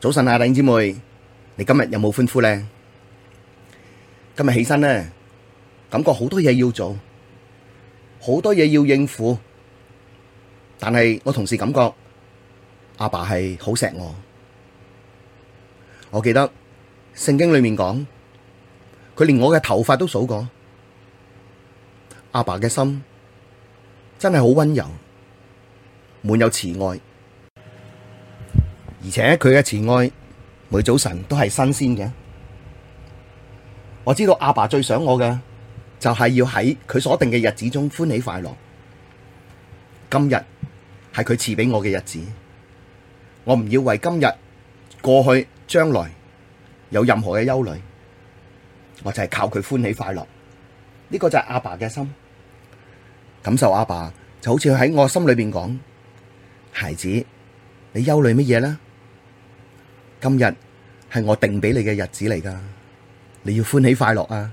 早晨啊，弟姊妹，你今日有冇歡呼咧？今日起身咧，感覺好多嘢要做，好多嘢要應付，但係我同時感覺阿爸係好錫我。我記得聖經裏面講，佢連我嘅頭髮都數過。阿爸嘅心真係好温柔，滿有慈愛。而且佢嘅慈愛每早晨都係新鮮嘅。我知道阿爸最想我嘅，就係要喺佢所定嘅日子中歡喜快樂。今日係佢賜畀我嘅日子，我唔要為今日、過去、將來有任何嘅憂慮，我就係靠佢歡喜快樂。呢個就係阿爸嘅心，感受阿爸就好似喺我心裏面講：「孩子，你憂慮乜嘢呢？今日係我定俾你嘅日子嚟噶，你要歡喜快樂啊！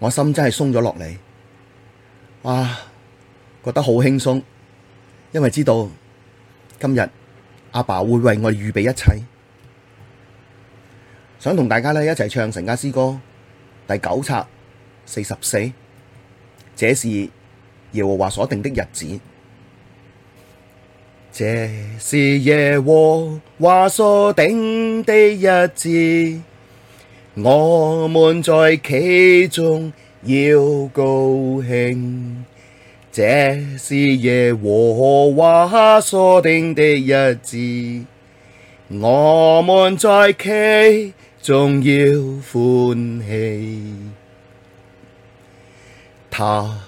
我心真係鬆咗落嚟，哇，覺得好輕鬆，因為知道今日阿爸，爸會為我預備一切。想同大家咧一齊唱神家詩歌第九冊四十四，這是耶和華所定的日子。這是耶和華所定的日子，我們在其中要高興。這是耶和華所定的日子，我們在其中要歡喜。他。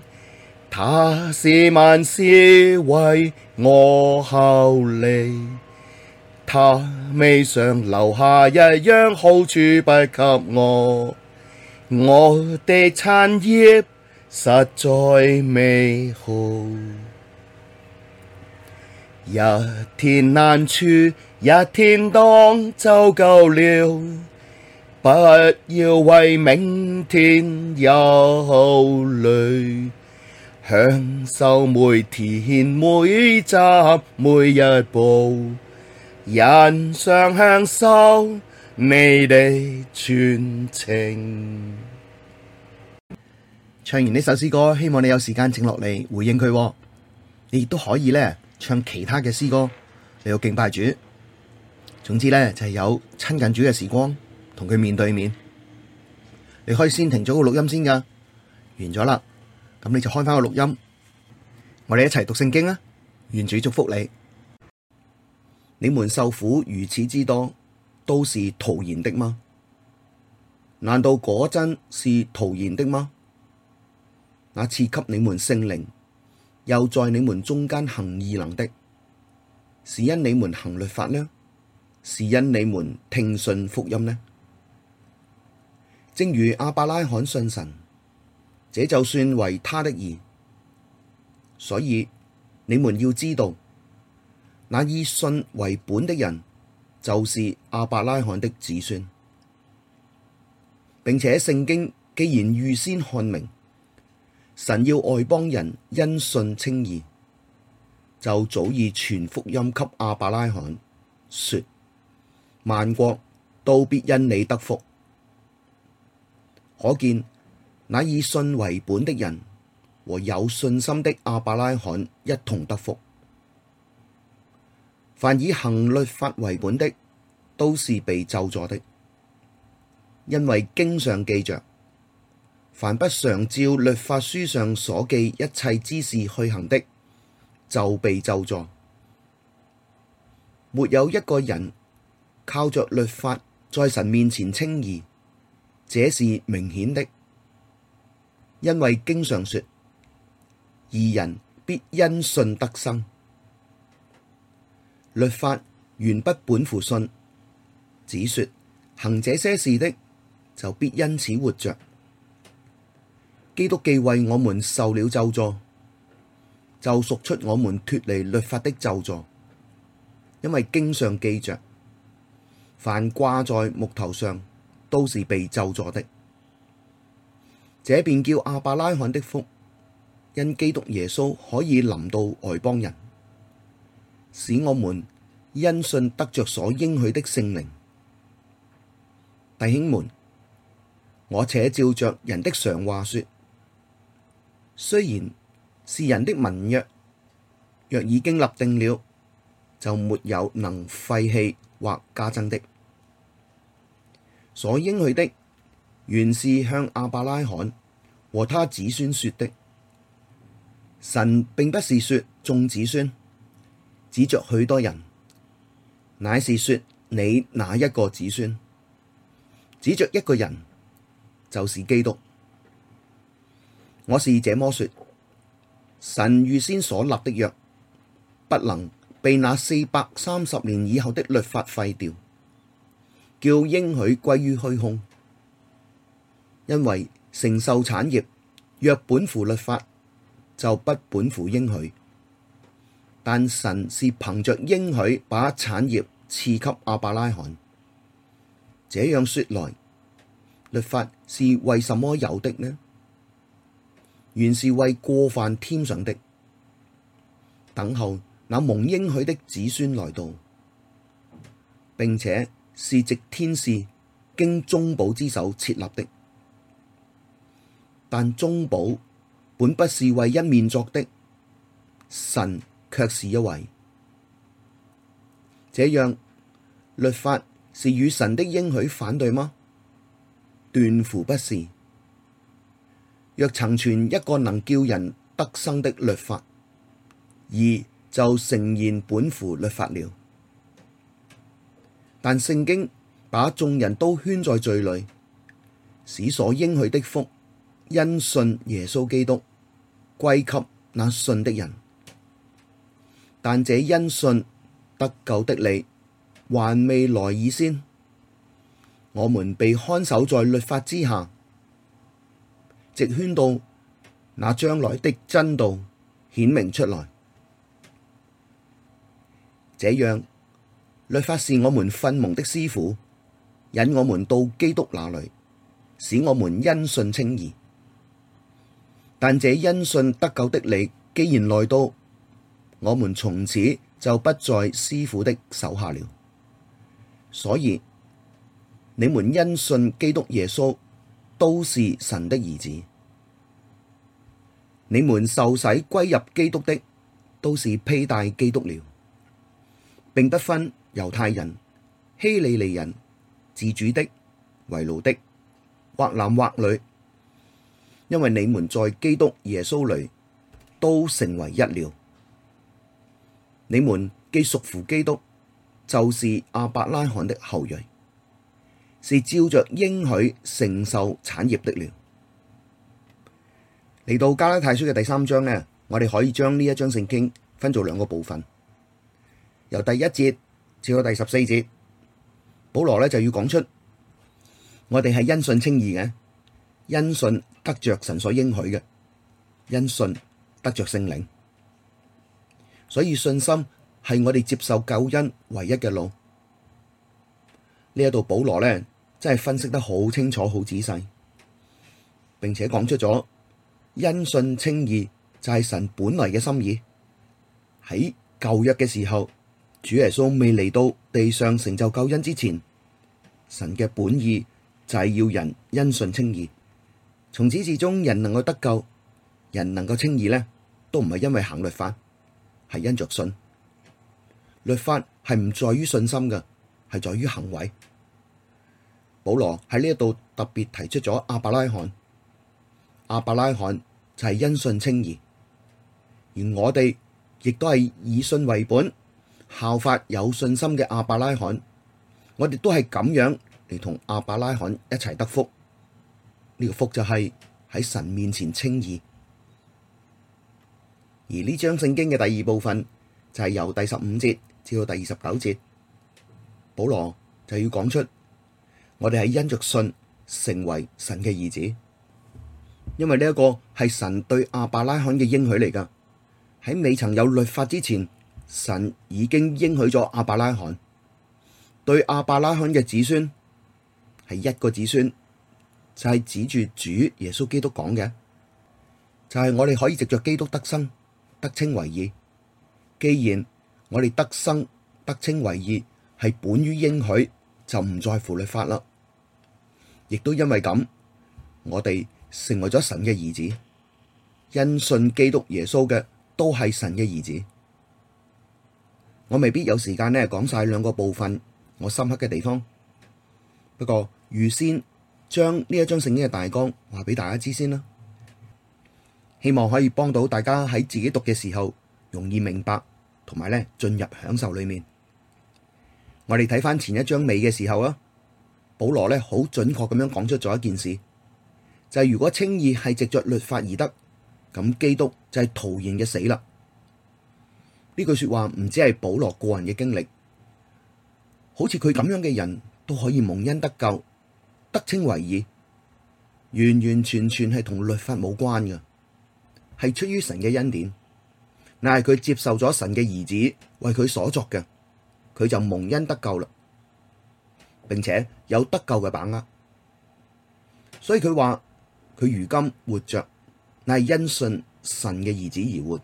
他是萬事為我效力，他未嘗留下一樣好處不給我，我的產業實在美好，一天難處一天當就夠了，不要為明天憂慮。享受每天每站每一步，欣賞、享受你全路程。唱完呢首詩歌，希望你有時間靜落嚟回應佢。你亦都可以咧唱其他嘅詩歌嚟要敬拜主。總之咧就係、是、有親近主嘅時光，同佢面對面。你可以先停咗個錄音先噶，完咗啦。咁你就開翻個錄音，我哋一齊讀聖經啊！願主祝福你。你們受苦如此之多，都是徒然的嗎？難道果真是徒然的嗎？那賜給你們聖靈，又在你們中間行異能的，是因你們行律法呢？是因你們聽信福音呢？正如亞伯拉罕信神。這就算為他的義，所以你們要知道，那以信為本的人，就是亞伯拉罕的子孫。並且聖經既然預先看明，神要外邦人因信稱義，就早已傳福音給亞伯拉罕，説：萬國都必因你得福。可見。乃以信為本的人和有信心的亞伯拉罕一同得福。凡以行律法為本的，都是被咒詛的，因為經上記着：凡不常照律法書上所記一切之事去行的，就被咒詛。沒有一個人靠着律法在神面前稱義，這是明顯的。因為經上説：義人必因信得生。律法原不本乎信，只説，行這些事的，就必因此活着。基督既為我們受了咒詛，就贖出我們脫離律法的咒詛。因為經上記着：「凡掛在木頭上都是被咒詛的。這便叫亞伯拉罕的福，因基督耶穌可以臨到外邦人，使我們因信得著所應許的聖靈。弟兄們，我且照着人的常話說：雖然是人的文約，若已經立定了，就沒有能廢棄或加增的，所應許的。原是向亞伯拉罕和他子孫說的。神並不是說眾子孫，指着許多人，乃是說你那一個子孫，指着一個人，就是基督。我是這麼說：神預先所立的約，不能被那四百三十年以後的律法廢掉，叫應許歸於虛空。因為承受產業，若本乎律法，就不本乎應許；但神是憑着應許把產業賜給亞伯拉罕。這樣說來，律法是為什麼有的呢？原是為過犯添上的，等候那蒙應許的子孫來到，並且是藉天使經中保之手設立的。但中保本不是為一面作的，神卻是一位。這樣，律法是與神的應許反對嗎？斷乎不是。若曾傳一個能叫人得生的律法，義就誠然本乎律法了，但聖經把眾人都圈在罪裡，使所應許的福。因信耶穌基督歸給那信的人，但這因信得救的理，還未來以先，我們被看守在律法之下，直圈到那將來的真道顯明出來。這樣，律法是我們訓蒙的師傅，引我們到基督那裏，使我們因信稱義。但這因信得救的理，既然來到，我們從此就不在師傅的手下了。所以你們因信基督耶穌，都是神的兒子。你們受洗歸入基督的，都是披戴基督了，並不分猶太人、希利尼人、自主的、為奴的，或男或女。因為你們在基督耶穌裡都成為一了，你們既屬乎基督，就是亞伯拉罕的後裔，是照着應許承受產業的了。嚟到加拉太書嘅第三章呢，我哋可以將呢一章聖經分做兩個部分，由第一節至到第十四節，保羅呢就要講出，我哋係因信稱義嘅。因信得着神所應許嘅，因信得着聖靈，所以信心係我哋接受救恩唯一嘅路。呢一度保羅呢真係分析得好清楚、好仔細，並且講出咗因信稱義就係神本來嘅心意。喺舊約嘅時候，主耶穌未嚟到地上成就救恩之前，神嘅本意就係要人因信稱義。從始至終，人能夠得救，人能夠稱義呢，都唔係因為行律法，係因着信。律法係唔在於信心嘅，係在於行為。保羅喺呢一度特別提出咗亞伯拉罕，亞伯拉罕就係因信稱義，而我哋亦都係以信為本，效法有信心嘅亞伯拉罕，我哋都係咁樣嚟同亞伯拉罕一齊得福。呢個福就係喺神面前稱義，而呢張聖經嘅第二部分就係、是、由第十五節至到第二十九節，保羅就要講出我哋係因着信成為神嘅兒子，因為呢一個係神對亞伯拉罕嘅應許嚟㗎，喺未曾有律法之前，神已經應許咗亞伯拉罕對亞伯拉罕嘅子孫係一個子孫。就係指住主耶穌基督講嘅，就係我哋可以藉着基督得生得稱為義。既然我哋得生得稱為義係本於應許，就唔在乎律法啦。亦都因為咁，我哋成為咗神嘅兒子。因信基督耶穌嘅都係神嘅兒子。我未必有時間呢講晒兩個部分我深刻嘅地方，不過預先。將呢一章聖經嘅大綱話俾大家知先啦，希望可以幫到大家喺自己讀嘅時候容易明白，同埋咧進入享受裏面。我哋睇翻前一章尾嘅時候啊，保羅咧好準確咁樣講出咗一件事，就係如果稱義係藉著律法而得，咁基督就係徒然嘅死啦。呢句說話唔只係保羅個人嘅經歷，好似佢咁樣嘅人都可以蒙恩得救。得稱為義，完完全全係同律法冇關嘅，係出於神嘅恩典。嗱，係佢接受咗神嘅兒子為佢所作嘅，佢就蒙恩得救啦，並且有得救嘅把握。所以佢話佢如今活着，嗱，係因信神嘅兒子而活。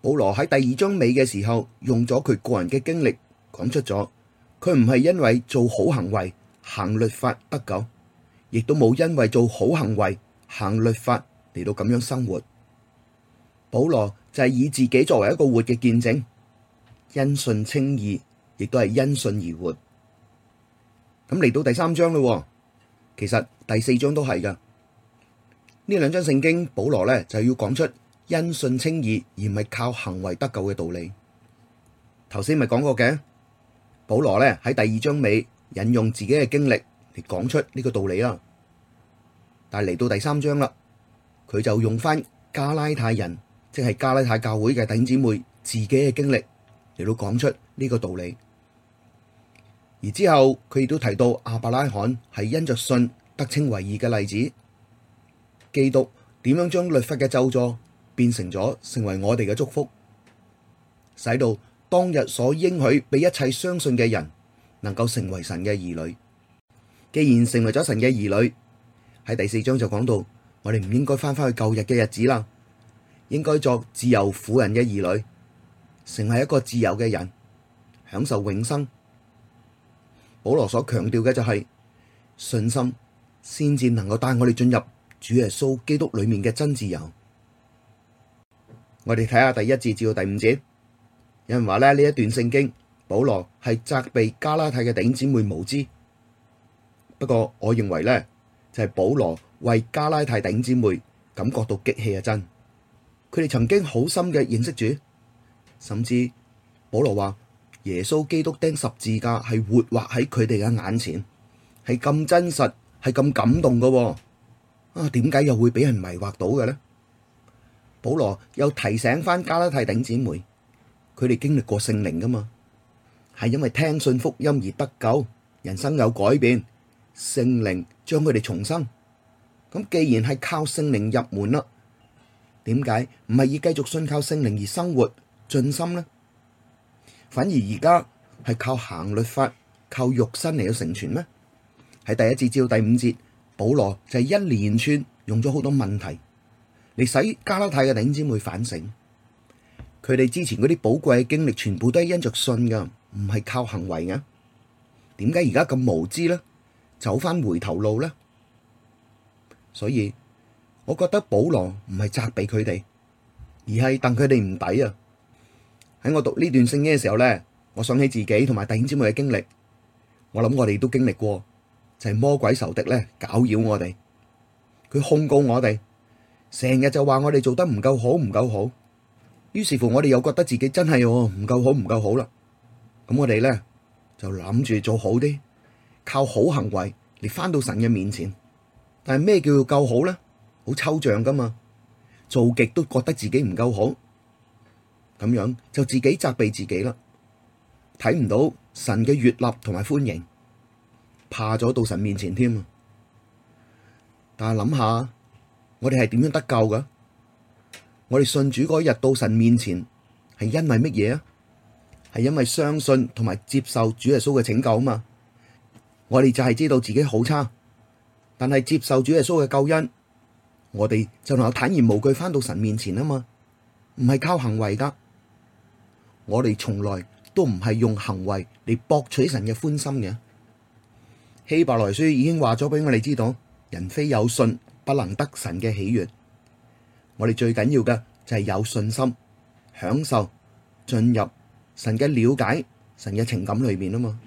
保羅喺第二章尾嘅時候用咗佢個人嘅經歷講出咗，佢唔係因為做好行為。行律法得救，亦都冇因為做好行為行律法嚟到咁樣生活。保羅就係以自己作為一個活嘅見證，因信稱義，亦都係因信而活。咁嚟到第三章嘞，其實第四章都係噶。呢兩章聖經保羅咧就要講出因信稱義而唔係靠行為得救嘅道理。頭先咪講過嘅，保羅咧喺第二章尾。引用自己嘅經歷嚟講出呢個道理啦，但係嚟到第三章啦，佢就用翻加拉太人，即係加拉太教會嘅弟兄姊妹自己嘅經歷嚟到講出呢個道理。而之後佢亦都提到亞伯拉罕係因着信得稱為義嘅例子，基督點樣將律法嘅咒詛變成咗成為我哋嘅祝福，使到當日所應許俾一切相信嘅人。能夠成為神嘅兒女，既然成為咗神嘅兒女，喺第四章就講到，我哋唔應該翻返去舊日嘅日子啦，應該作自由婦人嘅兒女，成為一個自由嘅人，享受永生。保羅所強調嘅就係、是、信心，先至能夠帶我哋進入主耶穌基督裏面嘅真自由。我哋睇下第一節至到第五節，有人話咧呢一段聖經。保羅係責備加拉太嘅頂姊妹無知，不過我認為咧就係、是、保羅為加拉太頂姊妹感覺到激氣嘅真。佢哋曾經好深嘅認識主，甚至保羅話耶穌基督釘十字架係活畫喺佢哋嘅眼前，係咁真實，係咁感動嘅、啊。啊，點解又會俾人迷惑到嘅咧？保羅又提醒翻加拉太頂姊妹，佢哋經歷過聖靈噶嘛？係因為聽信福音而得救，人生有改變，聖靈將佢哋重生。咁既然係靠聖靈入門啦，點解唔係以繼續信靠聖靈而生活盡心呢？反而而家係靠行律法、靠肉身嚟到成全咩？喺第一節至到第五節，保羅就係一連串用咗好多問題嚟使加拉太嘅弟兄姊妹反省，佢哋之前嗰啲寶貴嘅經歷，全部都係因着信噶。唔係靠行為嘅，點解而家咁無知咧？走翻回頭路咧？所以我覺得保羅唔係責備佢哋，而係戥佢哋唔抵啊！喺我讀呢段聖經嘅時候咧，我想起自己同埋弟兄姊妹嘅經歷，我諗我哋都經歷過，就係魔鬼仇敵咧搞擾我哋，佢控告我哋，成日就話我哋做得唔夠好唔夠好，於是乎我哋又覺得自己真係唔夠好唔夠好啦。咁我哋咧就諗住做好啲，靠好行為嚟，返到神嘅面前。但係咩叫做夠好咧？好抽象噶嘛，做極都覺得自己唔夠好，咁樣就自己責備自己啦，睇唔到神嘅悅納同埋歡迎，怕咗到神面前添。但係諗下，我哋係點樣得救噶？我哋信主嗰日到神面前係因為乜嘢啊？係因為相信同埋接受主耶穌嘅拯救啊嘛，我哋就係知道自己好差，但係接受主耶穌嘅救恩，我哋就能夠坦然無懼返到神面前啊嘛。唔係靠行為噶，我哋從來都唔係用行為嚟博取神嘅歡心嘅。希伯來書已經話咗俾我哋知道，人非有信不能得神嘅喜悅。我哋最緊要嘅就係有信心，享受進入。神嘅了解，神嘅情感裏面啊嘛，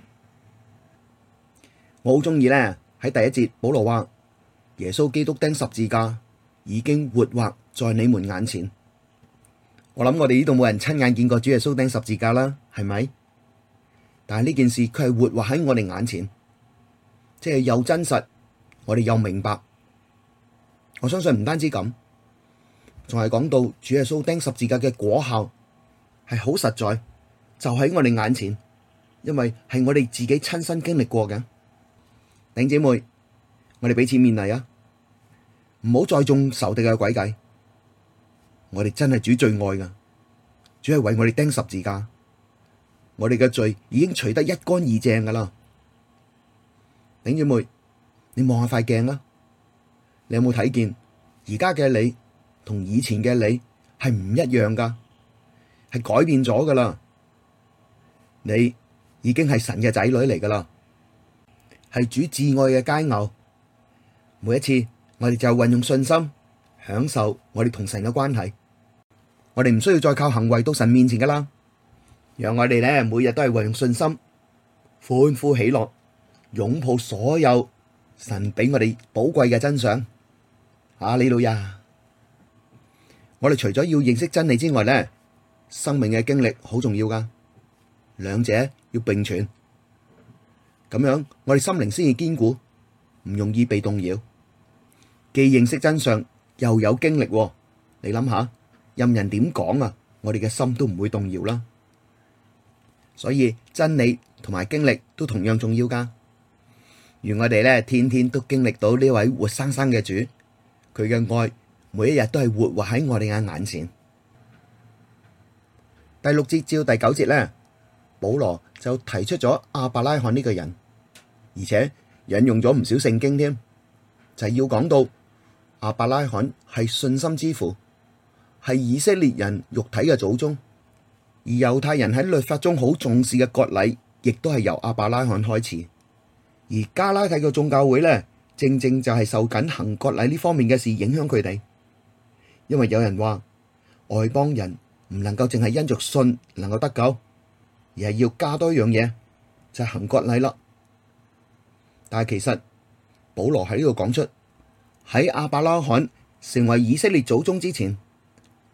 我好中意咧，喺第一節，保羅話，耶穌基督釘十字架已經活畫在你們眼前。我諗我哋呢度冇人親眼見過主耶穌釘十字架啦，係咪？但係呢件事佢係活畫喺我哋眼前，即係又真實，我哋又明白。我相信唔單止咁，仲係講到主耶穌釘十字架嘅果效係好實在。就喺我哋眼前，因為係我哋自己親身經歷過嘅。頂姐妹，我哋彼此勉勵啊，唔好再中仇敵嘅詭計。我哋真係主最愛噶，主係為我哋釘十字架，我哋嘅罪已經除得一乾二淨噶啦。頂姐妹，你望下塊鏡啦，你有冇睇見？而家嘅你同以前嘅你係唔一樣噶，係改變咗噶啦。你已經係神嘅仔女嚟噶啦，係主至愛嘅佳偶。每一次我哋就運用信心，享受我哋同神嘅關係。我哋唔需要再靠行為到神面前噶啦。讓我哋咧，每日都係運用信心，歡呼喜樂，擁抱所有神俾我哋寶貴嘅真相。阿利路亞，我哋除咗要認識真理之外咧，生命嘅經歷好重要噶。兩者要並存，咁樣我哋心靈先至堅固，唔容易被動搖。既認識真相，又有經歷，你諗下，任人點講啊，我哋嘅心都唔會動搖啦。所以真理同埋經歷都同樣重要㗎。如我哋咧，天天都經歷到呢位活生生嘅主，佢嘅愛每一日都係活活喺我哋眼眼前。第六節照第九節咧。保羅就提出咗亞伯拉罕呢個人，而且引用咗唔少聖經添，就係要講到亞伯拉罕係信心之父，係以色列人肉體嘅祖宗，而猶太人喺律法中好重視嘅割禮，亦都係由亞伯拉罕開始。而加拉太嘅眾教會呢，正正就係受緊行割禮呢方面嘅事影響佢哋，因為有人話外邦人唔能夠淨係因着信能夠得救。而係要加多一樣嘢，就係、是、行割禮啦。但係其實保羅喺呢度講出，喺亞伯拉罕成為以色列祖宗之前，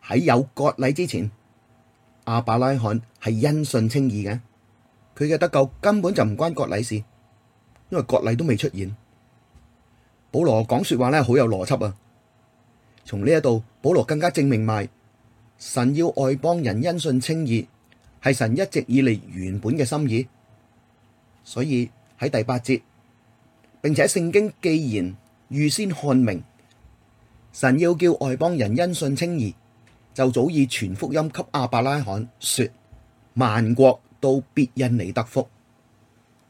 喺有割禮之前，亞伯拉罕係因信稱義嘅。佢嘅得救根本就唔關割禮事，因為割禮都未出現。保羅講說話咧，好有邏輯啊！從呢一度，保羅更加證明埋神要外邦人因信稱義。係神一直以嚟原本嘅心意，所以喺第八節，並且聖經既然預先看明，神要叫外邦人因信稱義，就早已傳福音給亞伯拉罕說：萬國都必因你得福。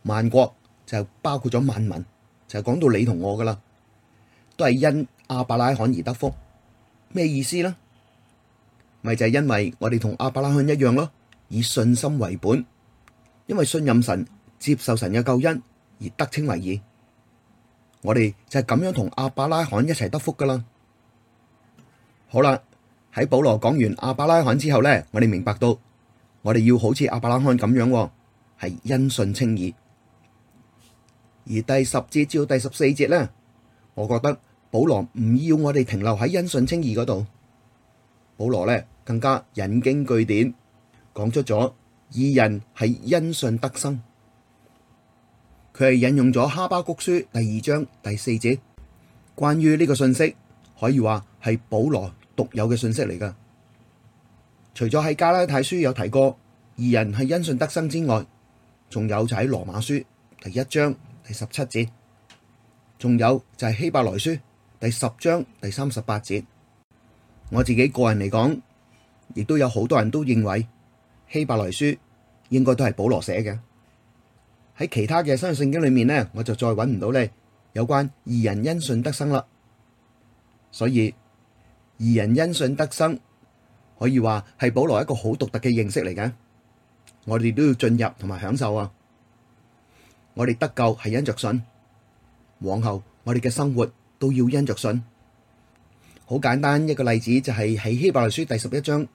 萬國就包括咗萬民，就講到你同我噶啦，都係因亞伯拉罕而得福。咩意思呢？咪就係、是、因為我哋同亞伯拉罕一樣咯。以信心為本，因為信任神，接受神嘅救恩而得稱為義。我哋就係咁樣同亞伯拉罕一齊得福噶啦。好啦，喺保羅講完亞伯拉罕之後咧，我哋明白到我哋要好似亞伯拉罕咁樣，係因信稱義。而第十節至至到第十四節咧，我覺得保羅唔要我哋停留喺因信稱義嗰度，保羅咧更加引經據典。講出咗義人係因信得生，佢係引用咗《哈巴谷書》第二章第四節，關於呢個信息可以話係保羅獨有嘅信息嚟㗎。除咗喺《加拉太書》有提過義人係因信得生之外，仲有就喺《羅馬書》第一章第十七節，仲有就係《希伯來書》第十章第三十八節。我自己個人嚟講，亦都有好多人都認為。希伯來書應該都係保羅寫嘅，喺其他嘅新約聖經裏面呢，我就再搵唔到咧有關義人因信得生啦。所以義人因信得生可以話係保羅一個好獨特嘅認識嚟嘅，我哋都要進入同埋享受啊！我哋得救係因着信，往後我哋嘅生活都要因着信。好簡單一個例子就係、是、喺希伯來書第十一章。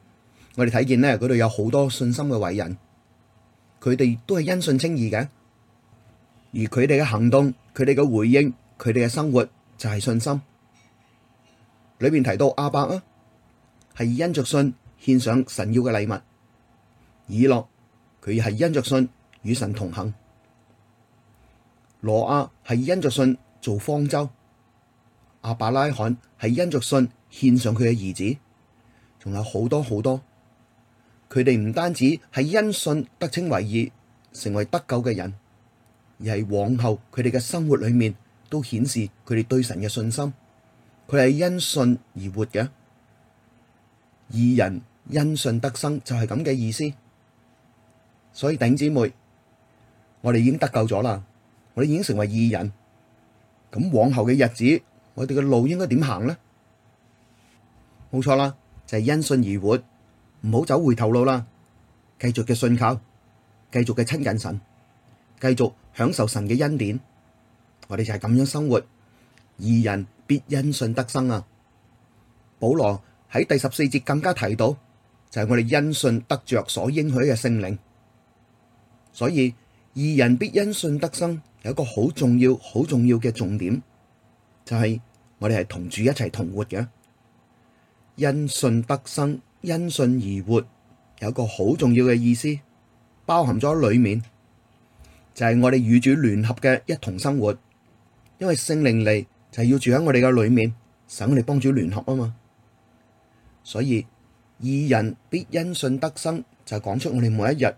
我哋睇見咧，嗰度有好多信心嘅偉人，佢哋都係因信稱義嘅，而佢哋嘅行動、佢哋嘅回應、佢哋嘅生活就係信心。裏邊提到亞伯啊，係因着信獻上神要嘅禮物；以諾佢係因着信與神同行；羅亞係因着信做方舟；亞伯拉罕係因着信獻上佢嘅兒子，仲有好多好多。佢哋唔單止係因信得稱為義，成為得救嘅人，而係往後佢哋嘅生活裏面都顯示佢哋對神嘅信心。佢係因信而活嘅，義人因信得生就係咁嘅意思。所以弟兄姊妹，我哋已經得救咗啦，我哋已經成為義人。咁往後嘅日子，我哋嘅路應該點行呢？冇錯啦，就係因信而活。唔好走回頭路啦！繼續嘅信靠，繼續嘅親近神，繼續享受神嘅恩典。我哋就係咁樣生活，義人必因信得生啊！保羅喺第十四節更加提到，就係、是、我哋因信得着所應許嘅聖靈。所以義人必因信得生，有一個好重要、好重要嘅重點，就係、是、我哋係同住一齊同活嘅，因信得生。因信而活有個好重要嘅意思，包含咗裏面就係我哋與主聯合嘅一同生活，因為聖靈嚟，就係要住喺我哋嘅裏面，使我哋幫主聯合啊嘛。所以義人必因信得生，就講出我哋每一日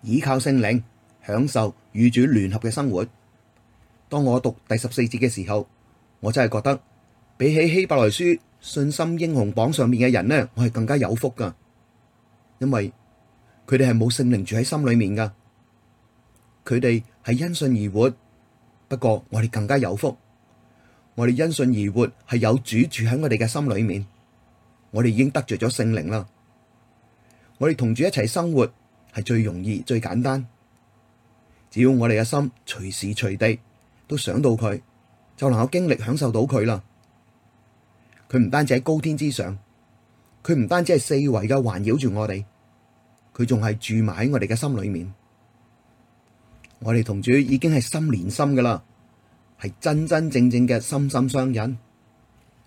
倚靠聖靈享受與主聯合嘅生活。當我讀第十四節嘅時候，我真係覺得比起希伯來書，信心英雄榜上面嘅人呢，我係更加有福噶因為佢哋係冇聖靈住喺心裏面噶佢哋係因信而活。不過我哋更加有福，我哋因信而活係有主住喺我哋嘅心裏面，我哋已經得著咗聖靈啦。我哋同主一齊生活係最容易、最簡單，只要我哋嘅心隨時隨地都想到佢，就能夠經歷享受到佢啦。佢唔單止喺高天之上，佢唔單止係四圍嘅，環繞住我哋，佢仲係住埋喺我哋嘅心裏面。我哋同主已經係心連心噶啦，係真真正正嘅心心相印。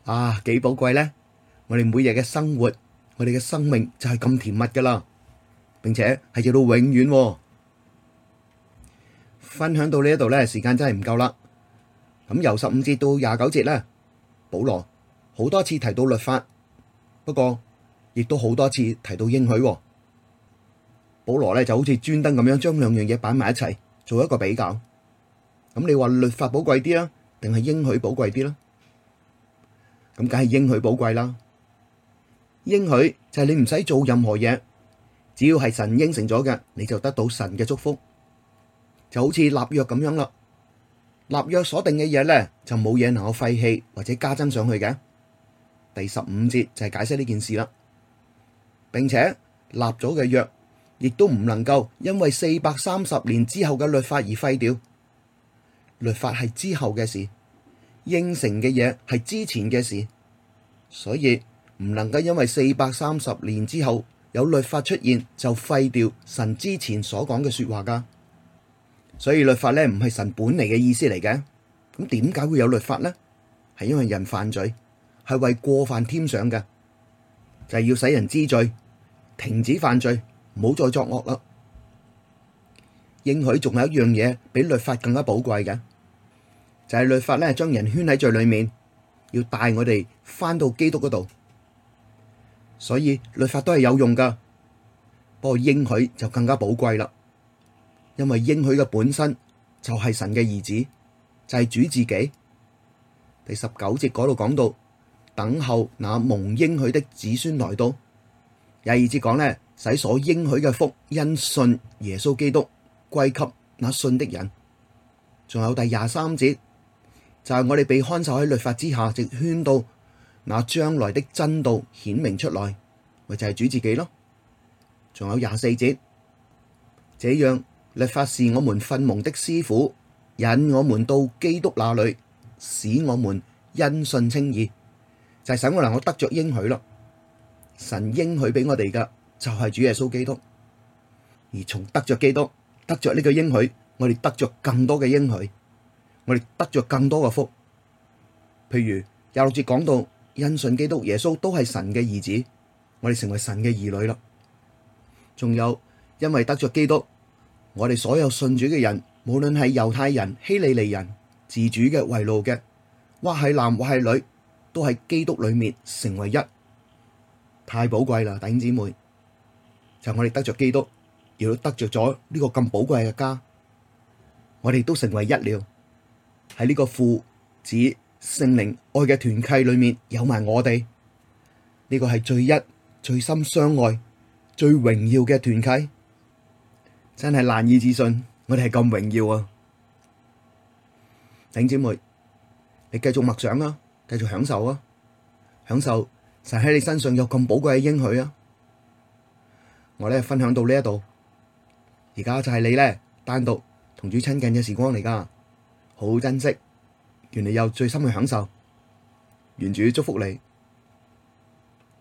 啊，幾寶貴咧！我哋每日嘅生活，我哋嘅生命就係咁甜蜜噶啦，並且係要到永遠啊。分享到呢一度咧，時間真係唔夠啦。咁由十五節到廿九節咧，保羅。好多次提到律法，不過亦都好多次提到應許喎。保羅咧就好似專登咁樣將兩樣嘢擺埋一齊做一個比較。咁你話律法寶貴啲啦，定係應許寶貴啲啦？咁梗係應許寶貴啦。應許就係你唔使做任何嘢，只要係神應承咗嘅，你就得到神嘅祝福，就好似立約咁樣啦。立約所定嘅嘢咧，就冇嘢能夠廢棄或者加增上去嘅。第十五節就係解釋呢件事啦，並且立咗嘅約，亦都唔能夠因為四百三十年之後嘅律法而廢掉。律法係之後嘅事，應承嘅嘢係之前嘅事，所以唔能夠因為四百三十年之後有律法出現就廢掉神之前所講嘅說話噶。所以律法咧唔係神本嚟嘅意思嚟嘅，咁點解會有律法呢？係因為人犯罪。係為過犯添上嘅，就係要使人知罪，停止犯罪，唔好再作惡啦。應許仲有一樣嘢比律法更加寶貴嘅，就係律法咧，將人圈喺罪裏面，要帶我哋返到基督嗰度。所以律法都係有用噶，不過應許就更加寶貴啦，因為應許嘅本身就係神嘅兒子，就係主自己。第十九節嗰度講到。等候那蒙應許的子孫來到。廿二節講呢，使所應許嘅福因信耶穌基督歸給那信的人。仲有第廿三節就係，我哋被看守喺律法之下，直圈到那將來的真道顯明出來，咪就係主自己咯。仲有廿四節，這樣律法是我們訓蒙的師傅，引我們到基督那裏，使我們因信稱義。就係使我能夠得着應許咯。神應許俾我哋噶，就係主耶穌基督。而從得着基督，得着呢個應許，我哋得着更多嘅應許，我哋得着更多嘅福。譬如廿六節講到，因信基督耶穌都係神嘅兒子，我哋成為神嘅兒女啦。仲有因為得着基督，我哋所有信主嘅人，無論係猶太人、希利尼人、自主嘅、為奴嘅，或係男或係女。都喺基督裏面成為一，太寶貴啦！弟兄姊妹，就是、我哋得着基督，亦都得着咗呢個咁寶貴嘅家，我哋都成為一了。喺呢個父子聖靈愛嘅團契裏面有埋我哋，呢、呢個係最一最深相愛、最榮耀嘅團契，真係難以置信，我哋係咁榮耀啊！弟兄姊妹，你繼續默想啦。繼續享受啊！享受神喺你身上有咁寶貴嘅應許啊！我呢分享到呢一度，而家就係你呢單獨同主親近嘅時光嚟噶，好好珍惜，願你有最深嘅享受，願主祝福你。